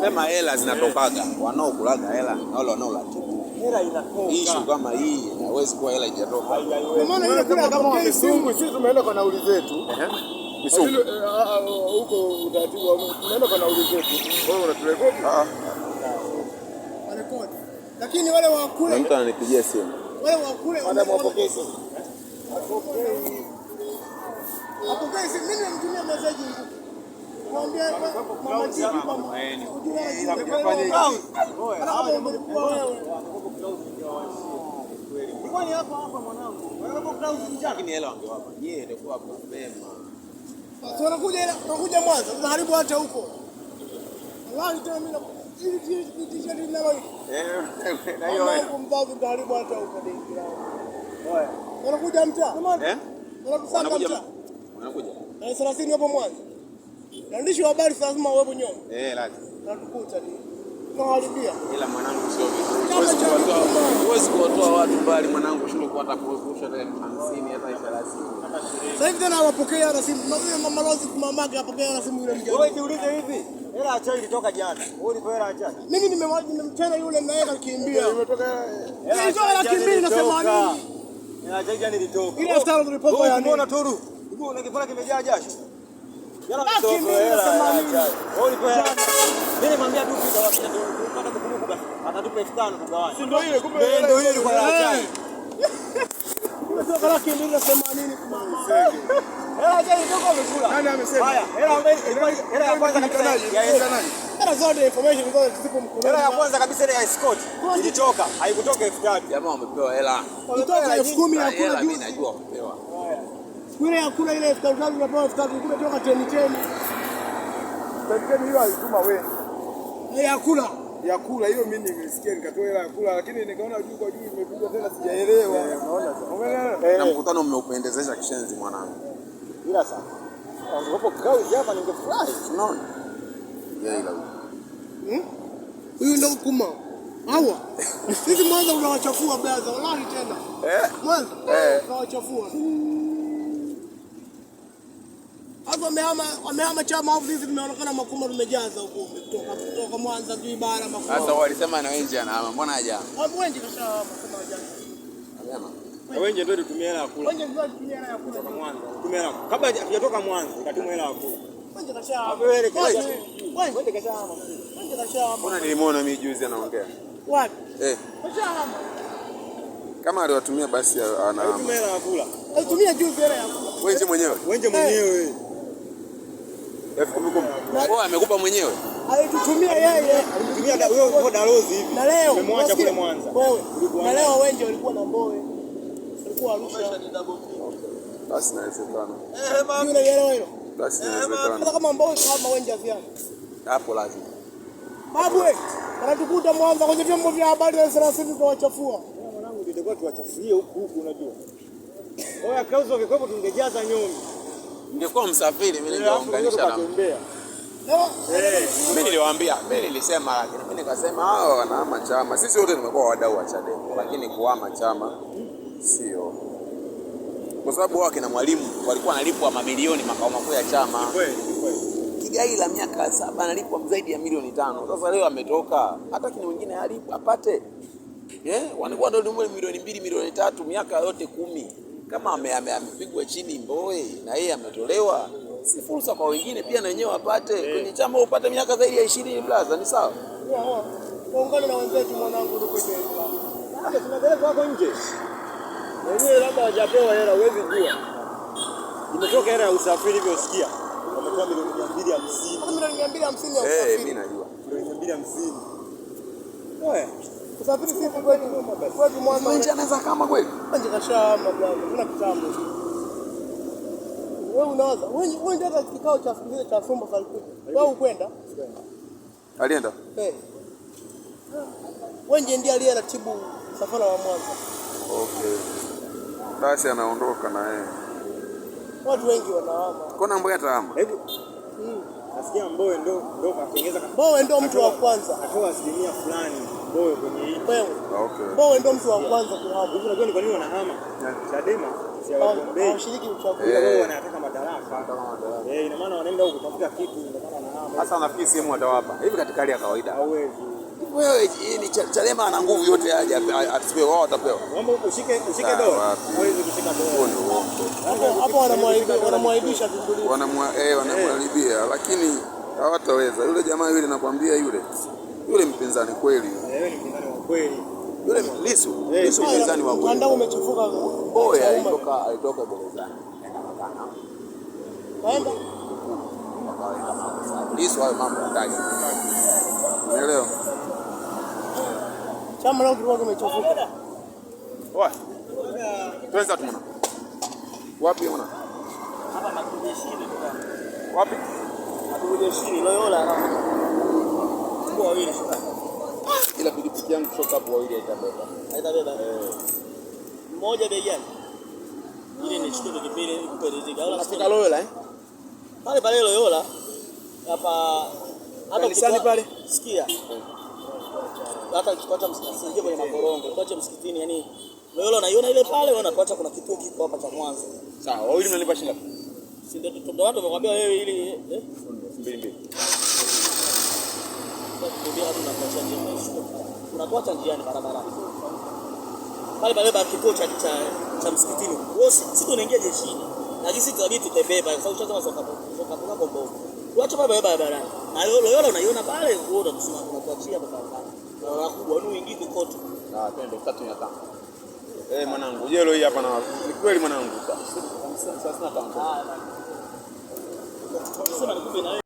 Sema hela zinatokaga, wanaokulaga hela na wale wanaoratibu ishu kama hii inawezi kuwa hela ijatoka. Sisi tumeenda kwa nauli zetu eh, ah, ah, huko, utaratibu tumeenda kwa nauli zetu, ah. lakini wale wa kule, mtu ananipigia simu wale wa kule wanapokea simu, mimi nimtumia message huko Tunakuja Mwanza, tunaharibu hata huko eh, mbavu hata huko wanakuja mtaa, eh? wanakuja thelathini hapo Mwanza. Na mwandishi wa habari lazima uwepo nyuma. Eh, lazima. Tunatukuta ni Tunaharibia. Ila mwanangu sio vizuri. Huwezi kuwatoa watu mbali mwanangu, shule kwa hata tena 50 hata 30. Sasa hivi tena wapokea na simu. Mzee mama Rose kumamaga apokea na simu yule mjane. Wewe jiulize hivi. Hela acha ilitoka jana. Wewe ulipo hela acha. Mimi nimemwaji nimemtena yule na yeye akimbia. Imetoka hela. acha hela kimbili na 80. Hela acha jana ilitoka. Ile after report ya nini? Unaona toru. Nguo na kimejaa jasho. Hela ya kwanza kabisa ile ya escort ilitoka, haikutoka elfu tatu. Jamaa wamepewa hela. elfu kumi hakuna juu. Najua wamepewa kule ile hakuna ile elfu tatu tatu unapewa elfu tatu toka teni teni cheni, hiyo alituma wewe eh, ya kula ya kula hiyo. Mimi nimesikia nikatoa ile ya kula, lakini nikaona juu kwa juu imekuja tena, sijaelewa. Eh, unaona, eh. na mkutano mmeupendezesha kishenzi mwanangu, ila sasa angekopo kau hapa ningefurahi. Unaona ya ila huyu huyu ndo kuma hawa sisi, mwanzo unawachafua brother, wallahi tena eh, mwanzo unawachafua watu wamehama wamehama chama au vipi? Tumeonekana Makuma tumejaza huko kutoka kutoka Mwanza tu ibara Makuma. Sasa walisema na Wenje anahama, mbona hajahama? Watu wengi kasha Makuma hajahama. Hajahama. Wenje ndio tutumia hela ya kula. Wenje ndio tutumia hela ya kula kutoka Mwanza. Tutumia hela. Kabla hajatoka Mwanza ikatumwa hela ya kula. Wenje kashahama. Wewe kasha. Wenje kashahama. Wenje kashahama. Mbona nilimuona mimi juzi anaongea? Wapi? Eh. Kashahama. Kama aliwatumia basi anahama. hela ya kula. Alitumia juzi hela ya kula. Wenje mwenyewe. Wenje mwenyewe. Eh. Poa amekupa mwenyewe. Alitutumia yeye. Alitutumia huyo Dalozi hivi. Na leo umemwacha kule Mwanza. Wewe. Na leo wewe walikuwa na mboe. Walikuwa Arusha. Basi na hizo inawezekana. Eh, mama. Yule yeye hilo. Basi na hizo eh, inawezekana. Hata kama mboe kama wewe ndio vyana. Hapo lazima. Mabwe, wewe. Wanatukuta Mwanza kwenye vyombo vya habari na 30 tunawachafua. Mwanangu ndio tuwachafulie huku huku unajua. Wewe akauzo ungekwepo tungejaza nyongi ningekuwa msafiri mimi ningeunganisha na mimi niliwaambia, mimi nilisema, lakini mimi nikasema hao oh, wanahama chama. Sisi wote tumekuwa wadau wa Chadema, lakini kuhama chama sio kwa sababu wao kina Mwalimu walikuwa wanalipwa mamilioni makao makuu ya chama. Kigaila miaka saba analipwa zaidi ya milioni tano. Sasa leo ametoka, hata kina wengine alipwa apate, yeah? wanakuwa ndio milioni mbili milioni tatu miaka yote kumi. Kama amepigwa chini mboe na yeye ametolewa, si fursa kwa wengine pia na wenyewe wapate yeah. Kwenye chama upate miaka zaidi ya ishirini blaza, ni sawa Ungana na wenzetu mwanangu, tunapeleka wako nje wenyewe, labda wajapewa hela, huwezi jua. Imetoka hela ya usafiri hivyo, usikia wametoa milioni mia mbili hamsini milioni mia mbili hamsini ya eh, usafiri, milioni mia mbili hamsini Kusafiri sisi kwetu kwetu mwana. Nje anaweza kama kweli. Nje kashama bwana. Kuna kitambo. Wewe unawaza. Wewe wewe hata kikao cha siku cha Sumba kalikuwa. Wewe ukwenda? Alienda? Eh. Wewe ndiye aliye anatibu safara wa Mwanza. Okay. Basi anaondoka na yeye. Watu wengi wanahama. Kona Mbowe atahama. Hebu. Hmm. Nasikia Mbowe ndo ndo katengeza. Mbowe ndo mtu wa kwanza. Atoa asilimia fulani. Mbowe kwenye hii. Ah, okay. Mbowe ndo mtu wa kwanza kuhama. Hivi unajua ni kwa nini wanahama? Chadema hawashiriki uchaguzi, wao wanataka madaraka. Eh, ina maana wanaenda huko kutafuta kitu, ndio maana wanahama. Sasa nafikiri sehemu watawapa. Hivi katika hali ya kawaida. Hawezi. Wewe ni Chadema ana nguvu yote aje asipewe wao watapewa. Naomba ushike ushike ah, doa. Hawezi kushika doa. Hapo wanamwaibisha vizuri. Wanamwa eh wanamwaribia eh. lakini hawataweza. Yule jamaa yule nakwambia yule yule mpinzani kweli, yule Lissu, Lissu mpinzani wa kweli. Eh, Oya alitoka alitoka gerezani Lissu, hayo mambo hataki, umeelewa? Chama leo kilikuwa kimechafuka. Oya, tuweza tuna wapi ona hapa, wapi Loyola wawili, ah, ila pikipiki yangu sio kapu wawili haitabeba. Haitabeba. Eh. Mmoja bei gani? Ile ni kipili nikupe riziki. Au nafika Loyola eh? Pale pale Loyola. Hapa hata kisani pale. Sikia. Hata ukipata msikitini kwenye makorongo, ukipata msikitini yani Loyola unaiona ile pale, unapata kuna kituo kiko hapa cha Mwanza. Sawa, wawili mnalipa shilingi ngapi? Ndio watu wamekwambia wewe ili eh? Mbili kutembea hapo unakuacha njiani, unakuacha njiani barabarani pale pale baba kituo cha cha, cha msikitini. Wewe sisi tunaingia jeshini, na sisi tunabidi tutembee pale, sababu chaza soka soka kuna bomba tuache baba barabarani na yolo yolo unaiona pale, wewe unakusema unakuachia barabarani na wakubwa wenu wengine kote ah, na twende katu ya kama eh, mwanangu jelo hii hapa na ni kweli mwanangu ah, sasa sasa sasa